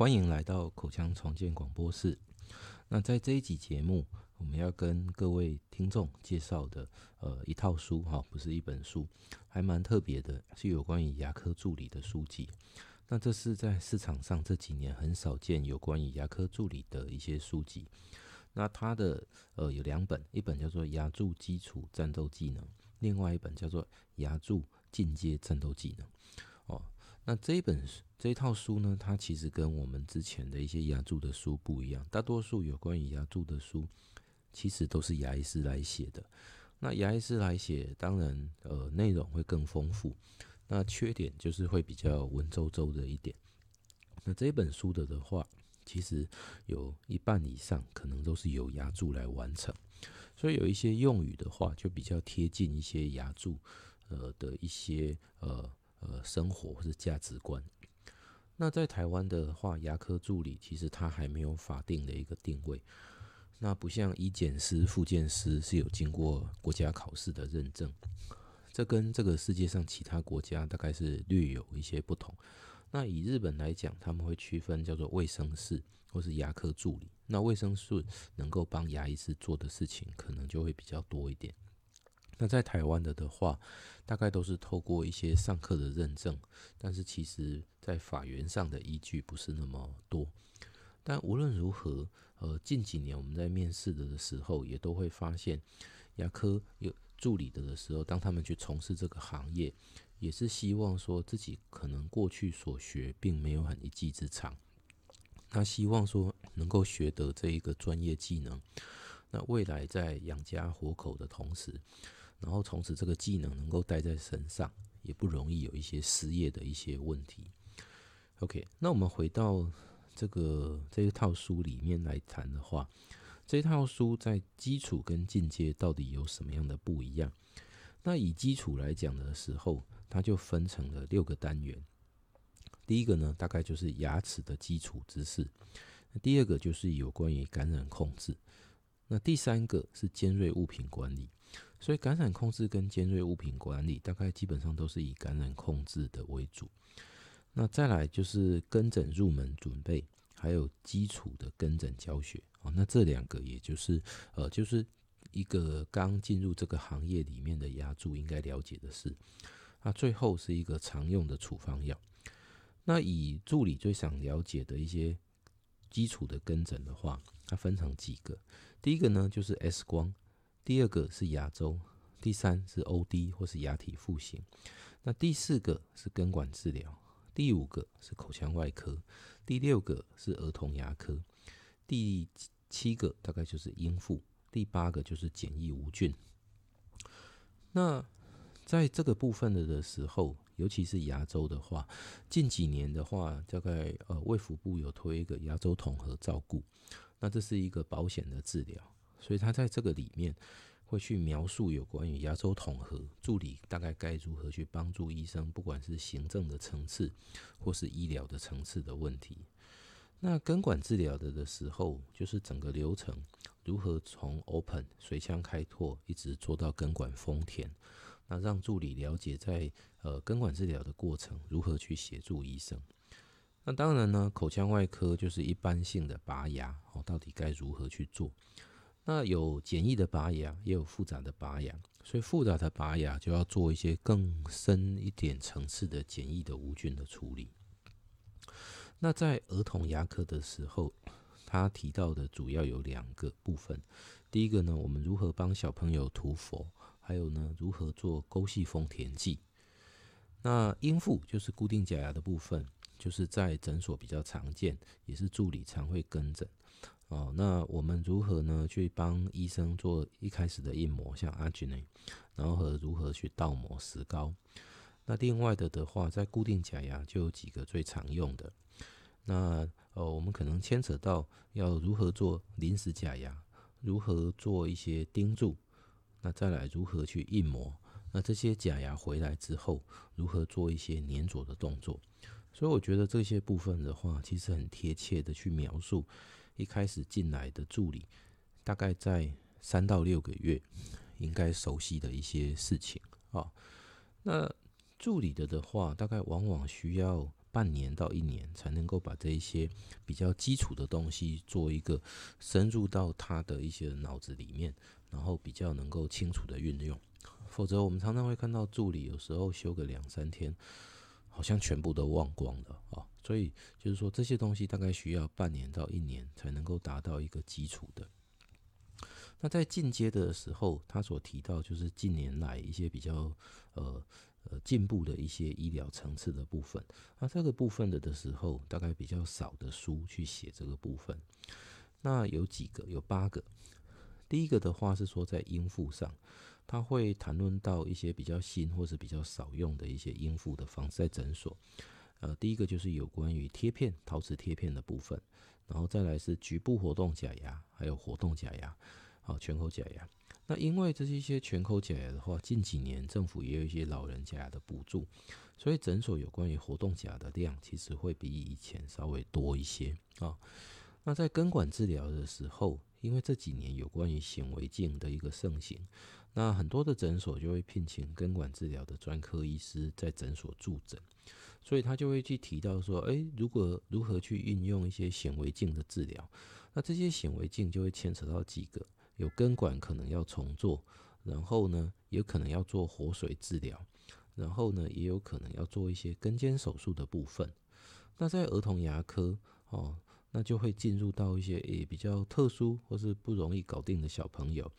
歡迎來到口腔重建廣播室。那在這一集節目，我們要跟各位聽眾介紹的，呃，一套書哈、哦，不是一本書，還蠻特別的，是有關於牙科助理的書籍。那這是在市場上這幾年很少見有關於牙科助理的一些書籍。那它的呃有兩本，一本叫做《牙助基礎戰鬥技能》，另外一本叫做《牙助進階戰鬥技能》哦。那這本書這套書呢，它其實跟我們之前的一些牙助的書不一樣。大多數有關於牙助的書，其實都是牙醫師來寫的。那牙醫師來寫，當然呃內容會更豐富。那缺點就是會比較文縐縐的一點。那這本書的的話，其實有一半以上可能都是由牙助來完成，所以有一些用語的話，就比較貼近一些牙助呃的一些呃。呃，生活或是價值觀。那在台灣的話，牙科助理其實他還沒有法定的一個定位，那不像醫檢師、復健師是有經過國家考試的認證。這跟這個世界上其他國家大概是略有一些不同。那以日本來講，他們會區分叫做衛生士或是牙科助理。那衛生士能夠幫牙醫師做的事情，可能就會比較多一點。那在台灣的的話，大概都是透過一些上課的認證，但是其實，在法源上的依據不是那麼多。但無論如何，呃，近幾年我們在面試的時候，也都會發現，牙科有助理的的時候，當他們去從事這個行業，也是希望說自己可能過去所學並沒有很一技之長，他希望說能夠學得這一個專業技能，那未來在養家活口的同時。然後從此這個技能能夠帶在身上，也不容易有一些失業的一些問題。OK，那我們回到這個這一套書裡面來談的話，這一套書在基礎跟進階到底有什麼樣的不一樣？那以基礎來講的時候，它就分成了六個單元。第一個呢，大概就是牙齒的基礎知識；第二個就是有關於感染控制；那第三個是尖銳物品管理。所以感染控制跟尖銳物品管理，大概基本上都是以感染控制的為主。那再來就是跟診入門準備，還有基礎的跟診教學。哦，那這兩個也就是呃，就是一個剛進入這個行業裡面的牙助應該了解的事。那最後是一個常用的處方藥。那以助理最想了解的一些基礎的跟診的話，它分成幾個。第一個呢，就是 X 光。第二個是牙周，第三是 OD 或是牙體復形，那第四個是根管治療，第五個是口腔外科，第六個是兒童牙科，第七個大概就是孕婦，第八個就是簡易無菌。那在這個部分的的時候，尤其是牙周的話，近幾年的話，大概呃衛福部有推一個牙周統合照顧，那這是一個保險的治療。所以他在這個裡面會去描述有關於牙周統合助理大概該如何去幫助醫生，不管是行政的層次或是醫療的層次的問題。那根管治療的的時候，就是整個流程如何從 open 髓腔開拓，一直做到根管封填，那讓助理了解，在呃根管治療的過程，如何去協助醫生。那當然呢，口腔外科就是一般性的拔牙哦，到底該如何去做？那有簡易的拔牙，也有複雜的拔牙，所以複雜的拔牙就要做一些更深一點層次的簡易的無菌的處理。那在兒童牙科的時候，他提到的主要有兩個部分，第一個呢，我們如何幫小朋友塗氟，還有呢，如何做溝隙封填劑。那贗復就是固定假牙的部分，就是在診所比較常見，也是助理常會跟診。哦，那我們如何呢，去幫醫生做一開始的印模，像 Arginate，然後和如何去倒模石膏。那另外的的話，在固定假牙就有幾個最常用的。那哦，我們可能牽扯到要如何做臨時假牙，如何做一些釘柱，那再來如何去印模，那這些假牙回來之後，如何做一些粘着的動作。所以我覺得這些部分的話，其實很貼切的去描述。一開始進來的助理，大概在三到六個月，應該熟悉的一些事情啊。那助理的的話，大概往往需要半年到一年，才能夠把這一些比較基礎的東西做一個深入到他的一些腦子裡面，然後比較能夠清楚的運用。否則，我們常常會看到助理有時候休個兩三天，好像全部都忘光了啊！所以就是說這些東西大概需要半年到一年才能夠達到一個基礎的。那在進階的時候，他所提到就是近年來一些比較呃呃進步的一些醫療層次的部分。那這個部分的的時候，大概比較少的書去寫這個部分。那有幾個，有八個。第一個的話是說在應付上。他會談論到一些比較新或是比較少用的一些應付的方式在診所。呃，第一個就是有關於貼片、陶瓷貼片的部分，然後再來是局部活動假牙，還有活動假牙，好，全口假牙。那因為這是一些全口假牙的話，近幾年政府也有一些老人假牙的補助，所以診所有關於活動假牙的量其實會比以前稍微多一些啊。那在根管治療的時候，因為這幾年有關於顯微鏡的一個盛行。那很多的診所就會聘請根管治療的專科醫師在診所助診，所以他就會去提到說，欸、如果如何去運用一些顯微鏡的治療，那這些顯微鏡就會牽扯到幾個，有根管可能要重做，然後呢，也有可能要做活髓治療，然後呢，也有可能要做一些根尖手術的部分。那在兒童牙科哦，那就會進入到一些、欸、比較特殊或是不容易搞定的小朋友。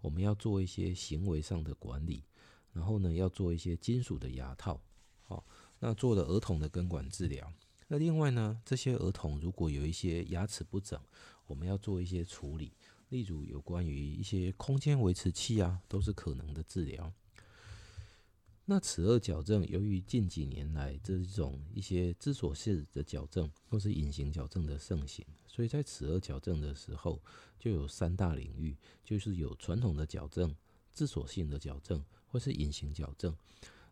我們要做一些行為上的管理，然後呢，要做一些金屬的牙套。好，那做了兒童的根管治療。那另外呢，這些兒童如果有一些牙齒不整，我們要做一些處理，例如有關於一些空間維持器啊，都是可能的治療。那齒顎矯正，由於近幾年來這一種一些自鎖式的矯正或是隱形矯正的盛行，所以在齒顎矯正的時候，就有三大領域，就是有傳統的矯正、自鎖性的矯正或是隱形矯正。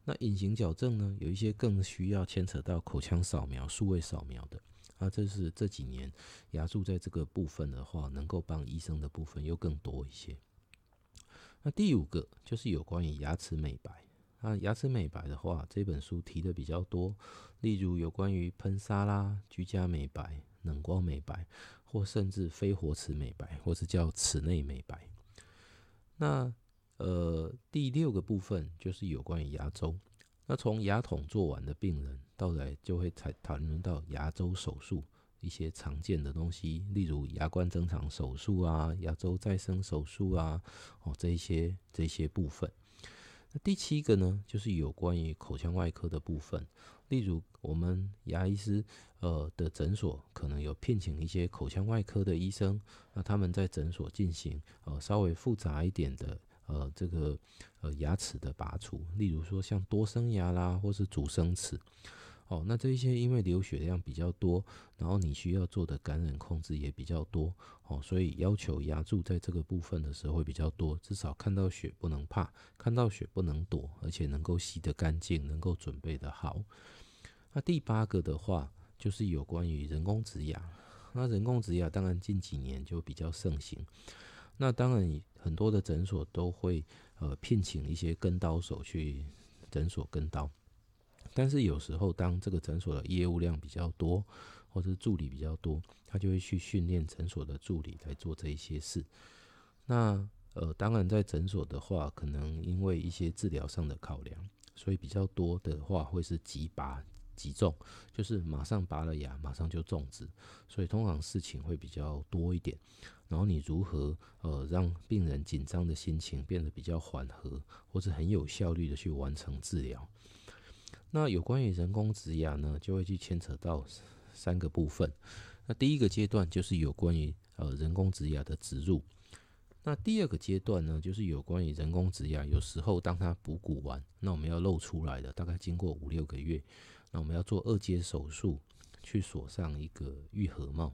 那隱形矯正呢，有一些更需要牽扯到口腔掃描、數位掃描的。那這是這幾年牙助在這個部分的話，能夠幫醫生的部分又更多一些。那第五個就是有關於牙齒美白。那牙齒美白的話，這本書提的比較多，例如有關於噴砂啦、居家美白、冷光美白，或甚至非活齒美白，或是叫齒內美白。那呃，第六個部分就是有關於牙周。那從牙痛做完的病人到來，就會談談論到牙周手術一些常見的東西，例如牙冠增長手術啊、牙周再生手術啊，哦這一些這一些部分。那第七個呢，就是有關於口腔外科的部分，例如我們牙醫師呃的診所可能有聘請一些口腔外科的醫生，那他們在診所進行呃稍微複雜一點的呃這個呃牙齒的拔除，例如說像多生牙啦或是阻生齒。哦，那這些因為流血量比較多，然後你需要做的感染控制也比較多，哦，所以要求牙助在這個部分的時候會比較多。至少看到血不能怕，看到血不能躲，而且能夠吸得乾淨，能夠準備得好。那第八個的話，就是有關於人工植牙。那人工植牙當然近幾年就比較盛行，那當然很多的診所都會呃聘請一些跟刀手去診所跟刀。但是有時候，當這個診所的業務量比較多，或者是助理比較多，他就會去訓練診所的助理來做這一些事。那呃，當然在診所的話，可能因為一些治療上的考量，所以比較多的話會是即拔即種，就是馬上拔了牙，馬上就種植。所以通常事情會比較多一點。然後你如何呃讓病人緊張的心情變得比較緩和，或是很有效率的去完成治療？那有關於人工植牙呢，就會去牽扯到三個部分。那第一個階段就是有關於呃人工植牙的植入。那第二個階段呢，就是有關於人工植牙，有時候當它補骨完，那我們要露出來的，大概經過五六個月，那我們要做二階手術去鎖上一個癒合帽。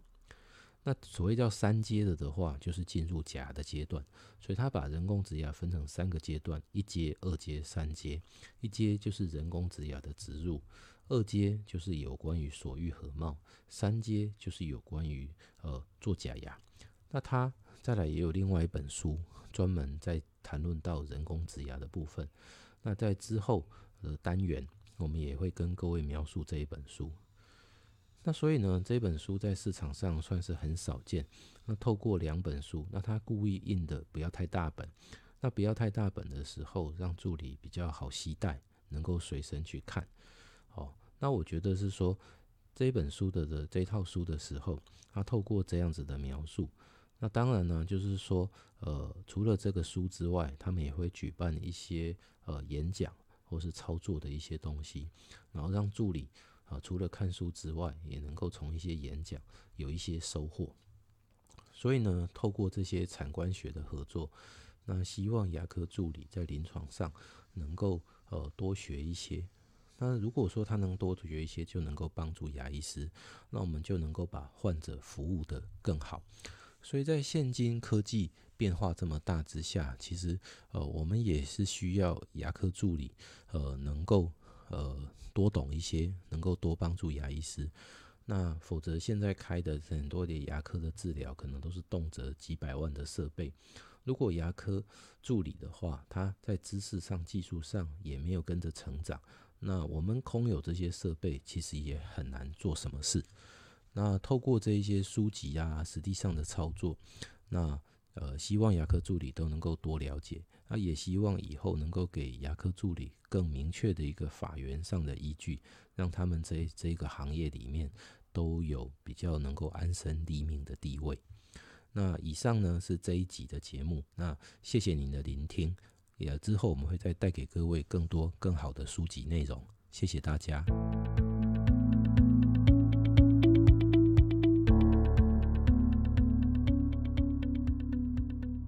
那所謂叫三階的的話，就是進入假的階段，所以他把人工植牙分成三個階段：一階、二階、三階。一階就是人工植牙的植入，二階就是有關於鎖癒合帽，三階就是有關於呃做假牙。那他再來也有另外一本書，專門在談論到人工植牙的部分。那在之後的、呃、單元，我們也會跟各位描述這一本書。那所以呢，這本書在市場上算是很少見。那透過兩本書，那他故意印的不要太大本，那不要太大本的時候，讓助理比較好攜帶，能夠隨身去看。好，那我覺得是說，這本書的的這套書的時候，那透過這樣子的描述，那當然呢，就是說，呃，除了這個書之外，他們也會舉辦一些呃演講或是操作的一些東西，然後讓助理。除了看書之外，也能夠從一些演講有一些收穫。所以呢，透過這些產官學的合作，那希望牙科助理在臨床上能夠呃多學一些。那如果說他能多學一些，就能夠幫助牙醫師，那我們就能夠把患者服務得更好。所以在現今科技變化這麼大之下，其實呃，我們也是需要牙科助理呃能夠。呃，多懂一些，能夠多幫助牙醫師。那否則現在開的很多的牙科的治療，可能都是動輒幾百萬的設備。如果牙科助理的話，他在知識上、技術上也沒有跟着成長，那我們空有這些設備，其實也很難做什麼事。那透過這一些書籍啊，實際上的操作，那呃，希望牙科助理都能夠多了解。那也希望以後能夠給牙科助理更明確的一個法源上的依據，讓他們在這，這個行業裡面都有比較能夠安身立命的地位。那以上呢是這一集的節目，那謝謝您的聆聽，也之後我們會再帶給各位更多更好的書籍內容，謝謝大家。